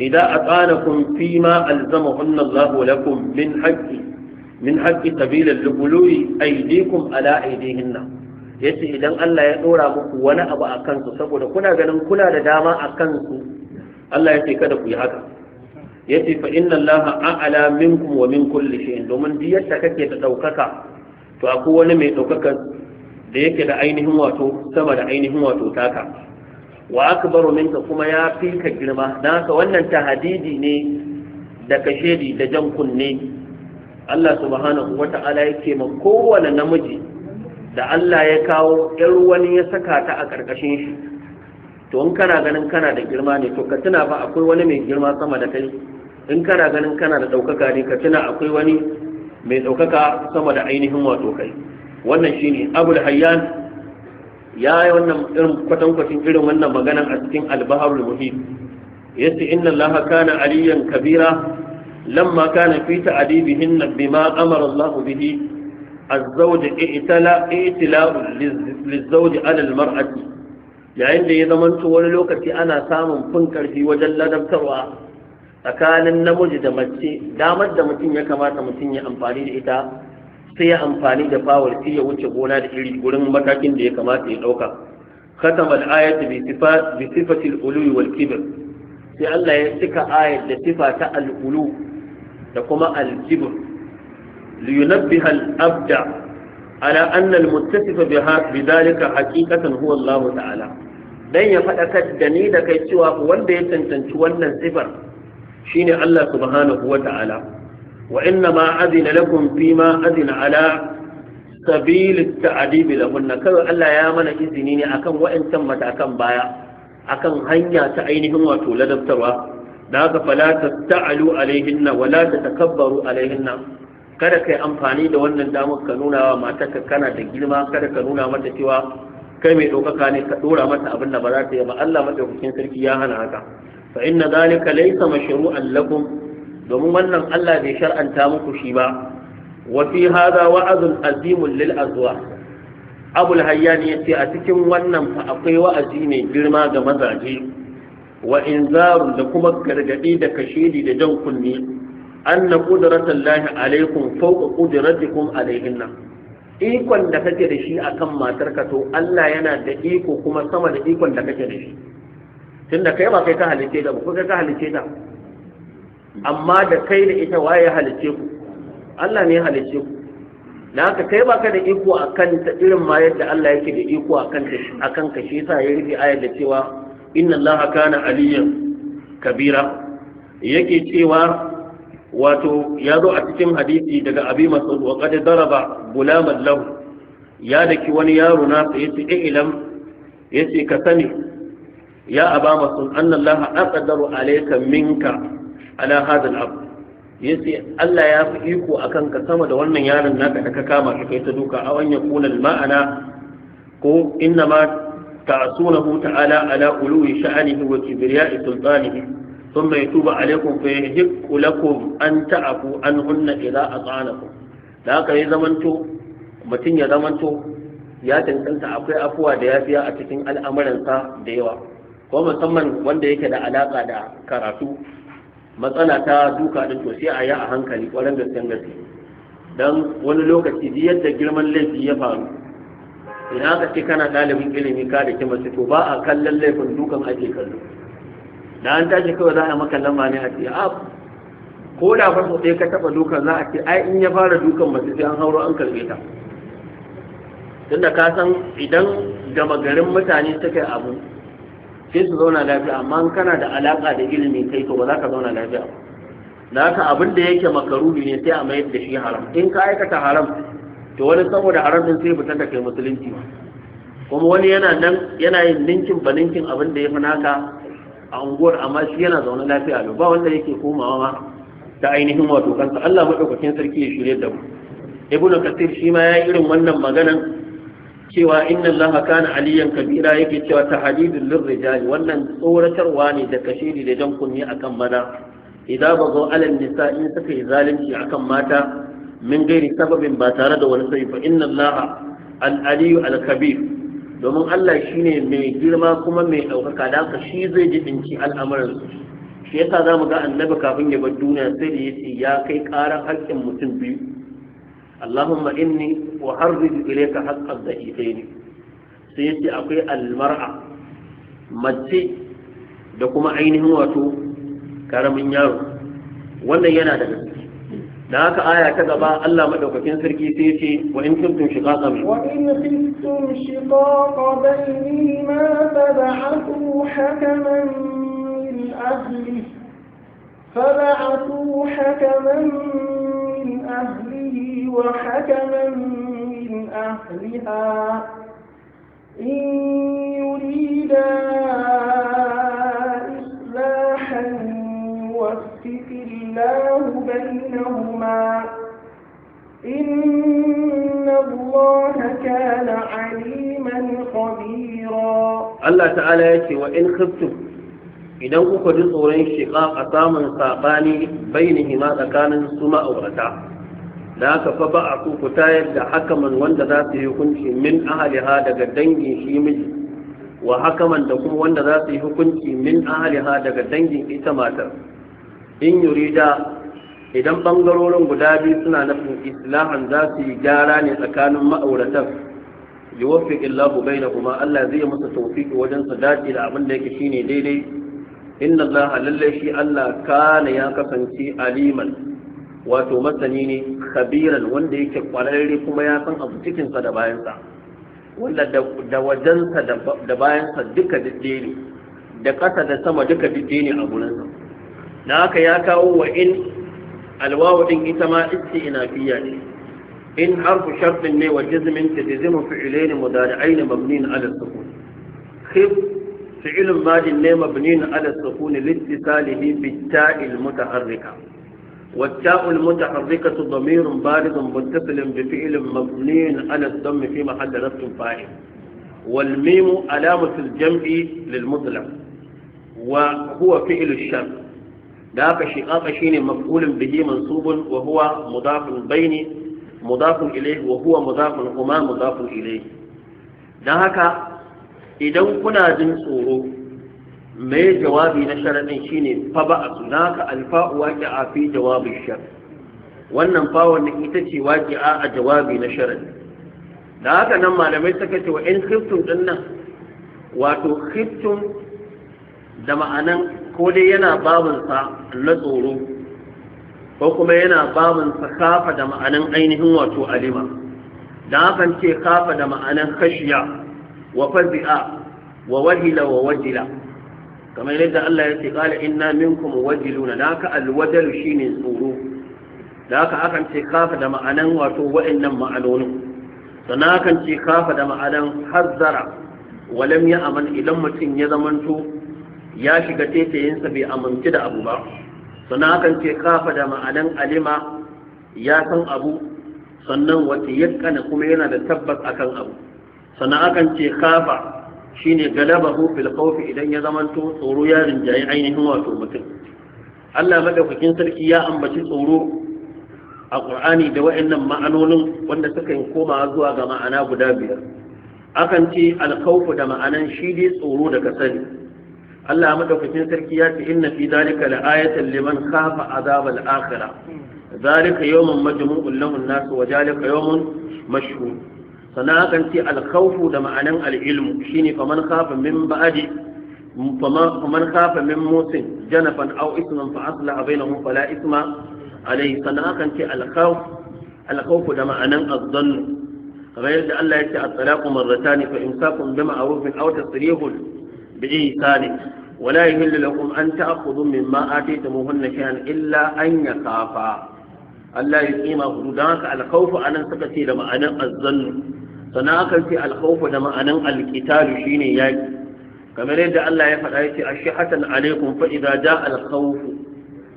إذا أطعنكم فيما ألزمهن الله لكم من حق من حق سبيل الغلو أيديكم على أيديهن yace idan Allah ya dora muku wani abu a kansu saboda kuna ganin kuna da dama a kansu Allah ce kada ku yi haka yace fa inna Allah a'la minkum wa min kulli shay'in domin duk yadda kake da daukaka to akwai wani mai daukaka da yake da ainihin wato sama da ainihin wato taka wa akbaru minka kuma ya fi ka girma dan haka wannan tahadidi ne da di da jan kunne Allah subhanahu wata'ala yake ma kowane namiji da Allah ya kawo yar wani ya saka ta a karkashin shi to in kana ganin kana da girma ne to ka tuna ba akwai wani mai girma sama da kai in kana ganin kana da ɗaukaka ne ka tuna akwai wani mai ɗaukaka sama da ainihin wato kai wannan shine abul hayyan ya yi wannan irin kwatankwacin irin wannan maganan a cikin albaharul muhit yace inna allaha kana aliyan kabira lamma kana fi na bima amara allah bihi الزوج ائتلاء ائتلاء للزوج على المرأة yayin da ya zamanto wani lokaci ana samun fin karfi wajen ladabtarwa tsakanin namiji da mace damar da mutum ya kamata mutum ya amfani da ita sai ya amfani da fawar sai ya wuce gona da iri gurin matakin da ya kamata ya ɗauka. khatama al-ayat bi sifat bi ulu wal sai Allah ya cika ayat da sifa ta al-ulu da kuma al-kibr li yunabbiha al-abda ala anna al-muttasifa biha bidhalika haqiqatan huwa Allah ta'ala dan ya kai da ni da kai cewa wanda ya tantance wannan sifar shine Allah subhanahu wa ta'ala wa inna ma adina lakum fi ma adina ala sabil ta'dib lahun kawai Allah ya mana izini ne akan wa'ancan matakan baya akan hanya ta ainihin wato ladabtarwa da haka fala tasta'alu alaihinna wala tatakabbaru alaihinna kada ka amfani da wannan damar ka nuna wa matarka kana da girma kada ka nuna mata cewa kai mai ɗaukaka ne ka ɗora mata abin da ba za ta yi ba Allah madaukakin sarki ya hana haka fa inna ka laysa mashru'an lakum domin wannan Allah bai shar'anta muku shi ba wa fi hadha wa'azun azimun lil azwa abul hayyan yace a cikin wannan fa akwai wa'azi mai girma ga mazaje wa inzarun da kuma gargadi da kashidi da jan kunni anna qudratallahi alaikum fawqa qudratikum alaihinna ikon da kake da shi akan matarka to Allah yana da iko kuma sama da ikon da kake da shi tunda kai ba kai ka halice da ba ko kai ka halice da amma da kai da ita waye halice ku Allah ne ya halice ku na haka kai baka da iko a kanta irin ma yadda Allah yake da iko akan kanta a ka shi yasa ya rufe ayar da cewa inna Allah kana aliyan kabira yake cewa wato ya zo a cikin hadisi daga abi mas'ud wa qad daraba gulaman lahu ya daki wani yaro na sai yace ilam yace ka sani ya aba mas'ud annallaha aqdaru alayka minka ala hadal abu ya ce Allah ya fi iko a kanka sama da wannan yaron naka da ka kama shi kai ta duka a wanya kuna ma'ana ko inna ma ta'asunahu ta'ala ala uluwi sha'anihi wa kibriya'i sultanihi ثم يتوب عليكم فيهدق an أن تعفوا عنهن إذا أطعنكم da haka ya zamanto mutum ya zamanto ya tantanta akwai afuwa da yafiya a cikin al'amuransa da yawa ko musamman wanda yake da alaka da karatu matsala ta duka din to sai a yi a hankali ƙwarar gaskiyar gaske don wani lokaci ji yadda girman laifi ya faru Ina aka ce kana ɗalibin ilimi ka da kima to ba a kallon laifin dukan ake kallo da an tashi kawai za a maka lamba ne a ce a ko da farko sai ka taɓa dukan za a ce ai in ya fara dukan masu sai an hauro an karɓe ta tunda ka san idan gama garin mutane suka yi abu sai su zauna lafiya amma kana da alaka da ilimi kai to ba za ka zauna lafiya da haka abin da yake makaruhi ne sai a mayar da shi haram in ka aikata haram to wani saboda haram din sai fitar da kai musulunci kuma wani yana nan yana yin ninkin ba ninkin abin da ya fi naka a unguwar amma shi yana zaune lafiya lau ba wanda yake komawa ta ainihin wato kansa Allah madaukakin sarki ya shirye da mu ibnu kasir shi ma ya irin wannan maganan cewa inna Allah kana aliyan kabira yake cewa tahdidul lirrijal wannan tsoratarwa ne da kashiri da jan kunni akan maza idan ba zo alal nisa in suka yi zalunci akan mata min gairi sababin ba tare da wani sai fa inna Allah al aliyu al kabir domin Allah shine mai girma kuma mai daukaka da haka shi zai jibinci al'amuran shi yasa zamu ga annabi kafin ya bar duniya sai da yace ya kai karan haƙƙin mutum biyu Allahumma inni أعرض إليك حق الضعيفين سيدي أقول المرأة مجسي دكما عينه واتو كرم النار ولا ينادى ناك آية كذا الله مدوك كن سركي سيدي وإن كنتم شقاقا وإن خفتم شقاق بينهما فبعثوا حكما من أهله فبعثوا حكما من أهله وحكما من من أهلها إن يريدا إصلاحا يوفق الله بينهما إن الله كان عليما خبيرا الله تعالى يأتي وإن خفتم idan kuka ji tsoron shiga a samun saɓani bainihima tsakanin su ma'aurata da haka fa ba a kukuta yadda da hakaman wanda za su yi hukunci min ahaliha daga dangin shi miji wa hakaman da kuma wanda za su yi hukunci min ahaliha daga dangin ita matar in yurida idan bangarorin guda biyu suna nufin islahan za su yi gyara ne tsakanin ma'auratan yuwaffiq Allahu Kuma Allah zai masa taufiki wajen su dace da abin da yake shine daidai inna Allah lalle shi Allah kana ya kasance aliman wato masani ne kabiran wanda yake kwararre kuma ya san abu cikinsa da bayansa wanda da wajensa da bayansa duka didde ne da ƙasa da sama duka didde ne a gurinsa na haka ya kawo wa in alwawu din ita ma isti ina fiya ne in harfu sharɗin ne wa jizmin ta jizimin fi'ilai ne mudari'ai ne mabnin ala sukun khif fi'ilin madin ne mabnin ala sukun littisalihi bitta'il mutaharrika والتاء المتحركة ضمير بارد متصل بفعل مبني على الضم في محل نصب فاعل والميم علامة الجمع للمطلق وهو فعل الشر ذاك شقاق شين مفعول به منصوب وهو مضاف بين مضاف إليه وهو مضاف هما مضاف إليه ذاك إذا كنا جن mai jawabi na sharaɗin shine fa ba a sunaka alfa'u a fi jawabin shar wannan fawon na ita ce waƙi a jawabi na sharaɗi da haka nan malamai suka ce wa 'yan khiftum ɗin nan wato khiftum da ma'anan ko dai yana babinsa na tsoro ko kuma yana babinsa kafa da ma'anan ainihin wato alima da hakan ce kafa da ma'anan kashiya wa fazi'a wa wahila wa wajila kamar yadda Allah ya ce qala inna minkum wajiluna da haka alwajalu shine tsoro da haka akan ce kafa da ma'anan wato wa'annan ma'anonin sannan akan ce kafa da ma'anan hazzara walam ya aman idan mutum ya zamanto ya shiga tetayinsa bai amince da abu ba sannan akan ce kafa da ma'anan alima ya san abu sannan wata yakkana kuma yana da tabbas akan abu sannan akan ce kafa shine galabahu fil khawfi idan ya zamanto tsoro ya rinjaye ainihin wato mutum Allah madaukakin sarki ya ambaci tsoro a ƙur'ani da wayannan ma'anonin wanda suka yi koma zuwa ga ma'ana guda biyar akan ce al da ma'anan shi dai tsoro daga sani Allah madaukakin sarki ya ce inna fi zalika la'ayatan liman khafa azab al-akhirah zalika yawmun majmu'un lahu an-nas wa zalika yawmun mashhur sannan hakan ce alkhawfu da ma'anan al'ilmu shi ne faman khafa min ba'adi faman khafa min musin janafan aw isman fa a bai na mun fala isma alayhi sannan hakan ce alkhawf alkhawfu da ma'anan azzann kamar yadda Allah ya ce a at-talaqu marratani fa imsakun bi ma'rufin aw tasrihun bi ihsanin ولا يهل لكم أن تأخذوا مما آتيتموهن شيئا allah ya يخافا ألا يقيم حدودك على خوف أن تكثير da أنا الظن Sana akan ce alkhawfu da ma'anan alqitalu shine yaki kamar yadda Allah ya faɗa yace ashihatan alaikum fa idza jaa alkhawfu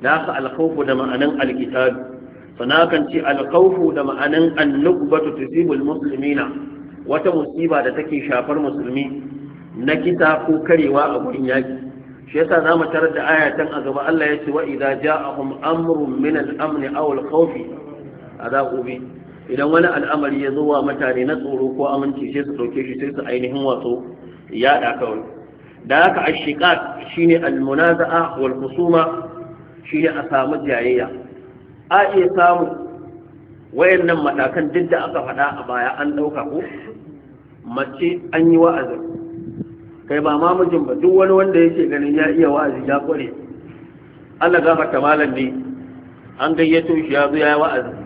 da haka alkhawfu da ma'anin alqitalu Sana kan ce alkhawfu da ma'anan annukbatu tusibu almuslimina wata musiba da take shafar musulmi na kisa ko karewa a gurin yaki shi yasa za mu tarar da ayatan a gaba Allah ya ce wa idza ja'ahum amrun min al-amn aw al-khawf adaqu bi idan wani al'amari ya zo wa mutane na tsoro ko aminci sai su ɗauke shi sai su ainihin wato yaɗa kawai da haka ashiqat shine almunaza'a wal khusuma shine a samu jayayya a iya samu wayannan matakan duk da aka faɗa a baya an ɗauka ko mace an yi wa'azi kai ba mamajin ba duk wani wanda yake ganin ya iya wa'azi ya kware Allah gafarta malam ne an gayyato shi ya zo ya yi wa'azi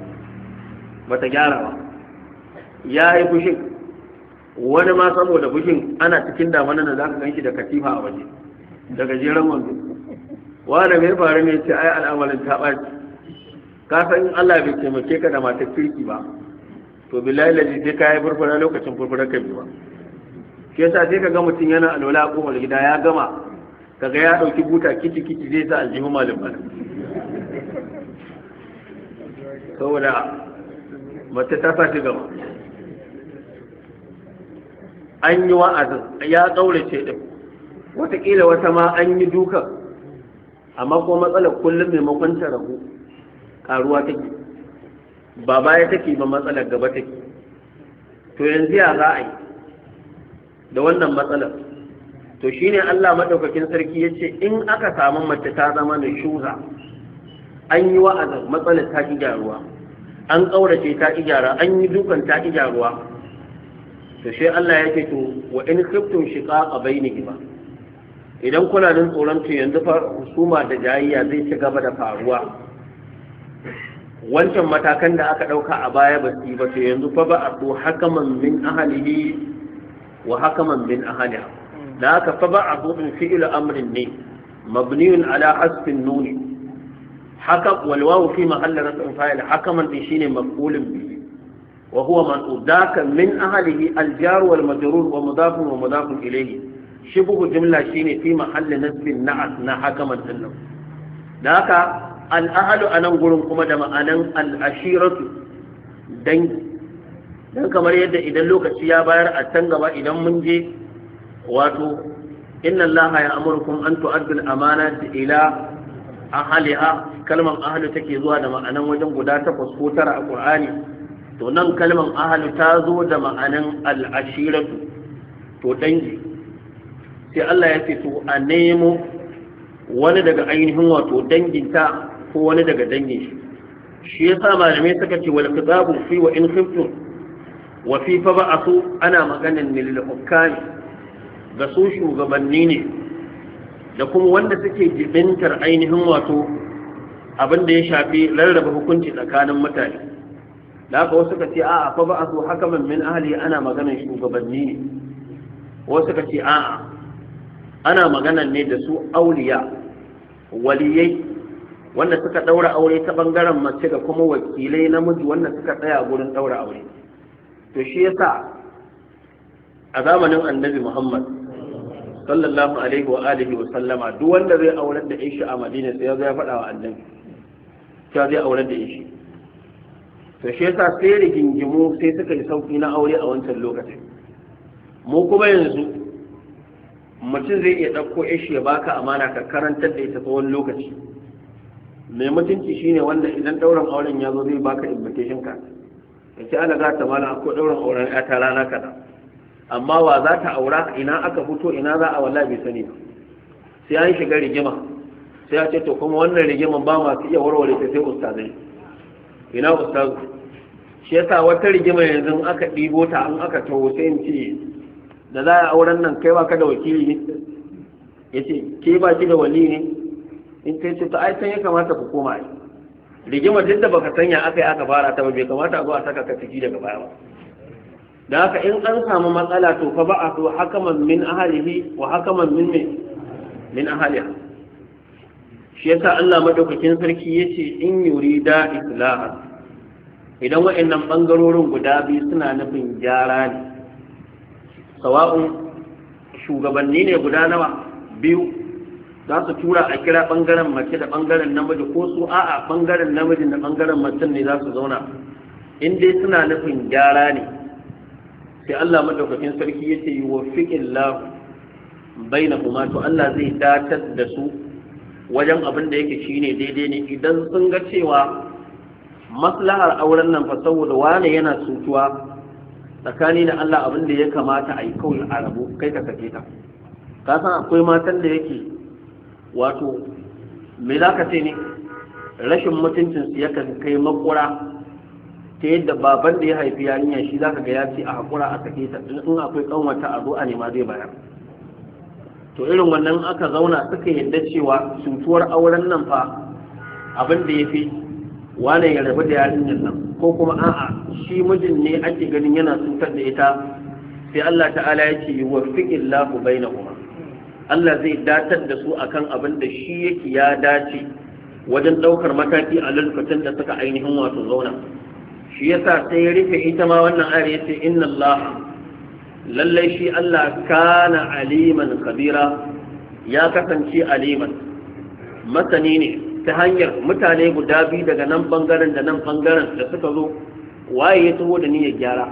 bata gyara ba ya yi fushin wani ma saboda fushin ana cikin damana da za ka ganshi da katifa a waje da gajeren wando wanda mai faru ne ce ai al'amarin ta ɓaci ka san in Allah bai taimake ka da matar kirki ba to billahi laji sai ka yi furfura lokacin furfura ka ba ke sa sai ka ga mutum yana alwala a kofar gida ya gama ga ya ɗauki buta kici kici zai sa aljihu malam malam saboda mace ta sa shi gaba an yi wa'azin ya ce ɗin watakila wata ma an yi dukan amma ko matsalar kullum maimakon ta ragu ƙaruwa take ba baya take ba matsalar gaba take to yanzu ya za a yi da wannan matsalar to shine Allah maɗaukakin sarki ya ce in aka samu mace ta zama da shuza an yi wa'azin matsalar ta ki gyaruwa an ƙaurace ta gyara an yi dukan ta ijaruwa to sai Allah ya ce to wa in khiftum shiqaqa ba idan kuna nan tsoron to yanzu fa husuma da jayayya zai ci gaba da faruwa wancan matakan da aka ɗauka a baya ba su ba to yanzu fa ba a so hakaman min ahalihi wa hakaman min ahaliha da haka fa ba a so in fi'il amrin ne Mabniun ala hasfin nuni haka walwawu fi mahalla rasul fa'il hakaman din shine maf'ulun bihi wa huwa man'udaka min ahlihi al-jar wal majrur wa mudaf wa mudaf ilayhi shibuhu jumla shine fi mahalli nasbin na'at na hakaman din nan da haka al-ahlu anan gurin kuma da ma'anan al-ashiratu dangi dan kamar yadda idan lokaci ya bayar a can gaba idan mun je wato inna allaha ya'murukum an tu'addu al-amanati ila ahliha kalmar ahlu take zuwa da ma'anan wajen guda takwas ko tara a Qur'ani to nan kalmar ahlu ta zo da ma'anan al'ashiratu to dangi sai Allah ya ce to a nemo wani daga ainihin wato danginta ko wani daga dangin shi shi yasa malamai suka ce wal kitabu fi wa in khiftum wa fi fa ba'athu ana maganan lil hukami ga su shugabanni ne da kuma wanda suke jibintar ainihin wato abin da ya shafi rarraba hukunci tsakanin mutane da haka wasu ka ce a'a fa ba a so haka min ahali ana magana shugabanni ne wasu ka ce a'a ana maganar ne da su auliya waliyai wanda suka daura aure ta bangaren mace da kuma wakilai namiji wanda suka tsaya gurin daura aure to shi yasa a zamanin annabi muhammad sallallahu alaihi wa alihi wa sallama duk wanda zai aurar da aisha a Madina sai ya faɗa wa annabi cewa zai aurar da aisha to shi yasa sai rigingimu sai suka yi sauki na aure a wancan lokacin mu kuma yanzu mutum zai iya ɗauko aisha ya baka amana ka karantar da ita tsawon lokaci mai mutunci shine wanda idan ɗaurin auren ya zo zai baka invitation ka yace ana gata mala ko ɗaurin auren ya ta rana kaza amma wa za ta aura ina aka fito ina za a wallahi bai sani ba sai an shiga rigima sai ya ce to kuma wannan rigiman ba masu iya warware ta sai ustazai ina ustazu shi yasa wata rigima yanzu aka ɗibo ta an aka taho sai in ce da za a auren nan kai baka da wakili ne ya ce ke ba ki da wali ne in kai ce to ai san ya kamata ku koma rigima duk da baka sanya aka yi aka fara ta ba bai kamata a zo a saka ka ciki daga baya ba da haka in an samu matsala to fa ba a to hakaman min ahalihi wa hakaman min min ahaliha shi yasa Allah madaukakin sarki yace in da islaha idan wa'annan bangarorin guda biyu suna nufin gyara ne sawa'un shugabanni ne guda nawa biyu za su tura a kira bangaren mace da bangaren namiji ko su a'a bangaren namiji da bangaren mace ne za su zauna in dai suna nufin gyara ne sai Allah madaukakin sarki yace yuwaffiqillahu bainahuma to Allah zai datar da su wajen abin da yake shine daidai ne idan sun ga cewa maslahar auren nan fa saboda wane yana sutuwa tsakani da Allah abin da ya kamata a yi kawai a rabu kai ka kace ta ka san akwai matan da yake wato me za ka ce ne rashin mutuncinsu yakan kai makura ta yadda baban da ya haifi yarinya shi zaka ga ya ce a hakura a sake ta in akwai kanwata a zo a nema zai bayar to irin wannan aka zauna suka yadda cewa cutuwar auren nan fa abin da ya fi wane ya rabu da yarinyar nan ko kuma a'a shi mijin ne ake ganin yana cutar da ita sai Allah ta'ala ya ce yuwaffiqillahu bainahuma Allah zai datar da su akan abin da shi yake ya dace wajen ɗaukar mataki a lokacin da suka ainihin wato zauna shi yasa sai ya rufe ita ma wannan ayar yace inna Allah lallai shi Allah kana aliman kabira ya kasance aliman masani ne ta hanyar mutane guda biyu daga nan bangaren da nan bangaren da suka zo waye ya taho da niyyar gyara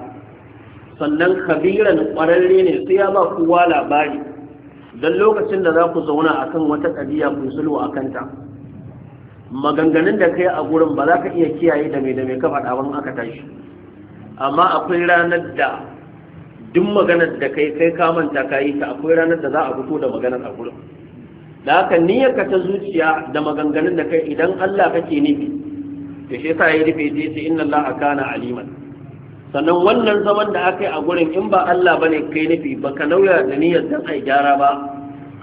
sannan kabiran kwararre ne sai ya ba kowa labari don lokacin da za ku zauna akan wata ɗabi'a, ku sulhu akanta. maganganun da kai a gurin ba za ka iya kiyaye da mai da mai kafa ɗawan aka tashi amma akwai ranar da duk maganar da kai kai ka manta ka yi ta akwai ranar da za a fito da maganar a gurin da haka niyyarka ta zuciya da maganganun da kai idan Allah kake nufi to shi yasa ya rufe je ce inna Allah kana aliman sannan wannan zaman da aka yi a gurin in ba Allah bane kai nufi baka nauya da niyyar dan ai gyara ba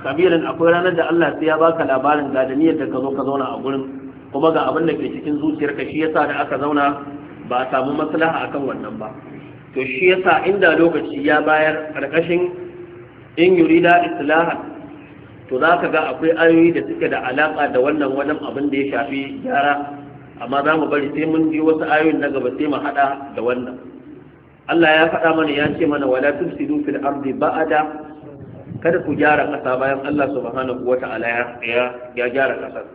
kabilan akwai ranar da Allah sai ya baka labarin ga da niyyar da ka zo ka zauna a gurin kuma ga abin da ke cikin zuciyar ka shi yasa da aka zauna ba a samu maslaha akan wannan ba to shi yasa inda lokaci ya bayar karkashin in yurida islaha to za ka ga akwai ayoyi da suke da alaka da wannan wajen abin da ya shafi gyara amma za mu bari sai mun ji wasu ayoyin na gaba sai mu hada da wannan Allah ya faɗa mana ya ce mana wala tufsidu fil ardi ba'ada kada ku gyara ƙasa bayan Allah subhanahu wa ta'ala ya gyara ƙasar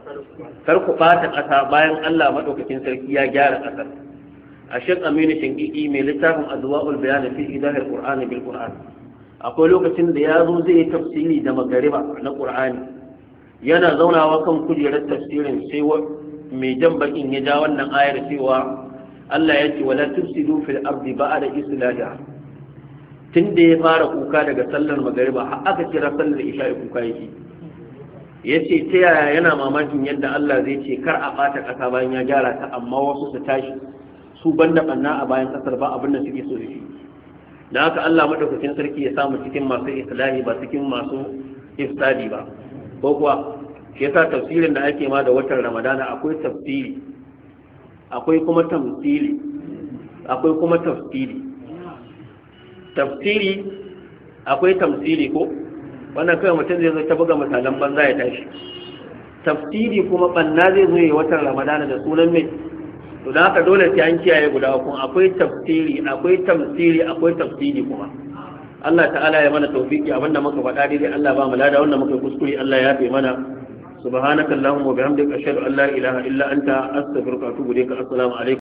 kar ku ɓata ƙasa bayan Allah madaukakin sarki ya gyara ƙasar a shin aminu shinkiki mai littafin azwa'ul bayani fi idahil ƙur'ani bil qur'an akwai lokacin da ya zo zai yi tafsiri da magariba na ƙur'ani. yana zaunawa kan kujerar tafsirin sai mai jan bakin ya ja wannan ayar cewa Allah ya ce wala tufsidu fil ardi ba'da islahiha tun da ya fara kuka daga sallar magariba har aka kira sallar isha'i kuka yake ya ce ta yaya yana mamakin yadda Allah zai ce kar a ɓata ƙasa bayan ya gyara ta amma wasu su tashi su ban da ɓanna a bayan ƙasar ba abin da suke so da shi da haka Allah maɗaukacin sarki ya samu cikin masu islami ba cikin masu iftadi ba ko kuwa shi yasa tafsirin da ake ma da watan ramadana akwai tafsiri akwai kuma tafsiri tafsiri akwai tamsiri ko wannan kawai mutum zai zo ta buga misalan banza ya tashi tafsiri kuma banna zai zo ya watan ramadana da sunan mai to da haka dole sai an kiyaye guda uku akwai tafsiri akwai tamsiri akwai tafsiri kuma Allah ta'ala ya mana tawfiki abinda muka faɗa daidai Allah ba mu lada wannan muka kuskure Allah ya fi mana subhanakallahumma wa bihamdika ashhadu an la ilaha illa anta astaghfiruka wa atubu ilaik assalamu alaikum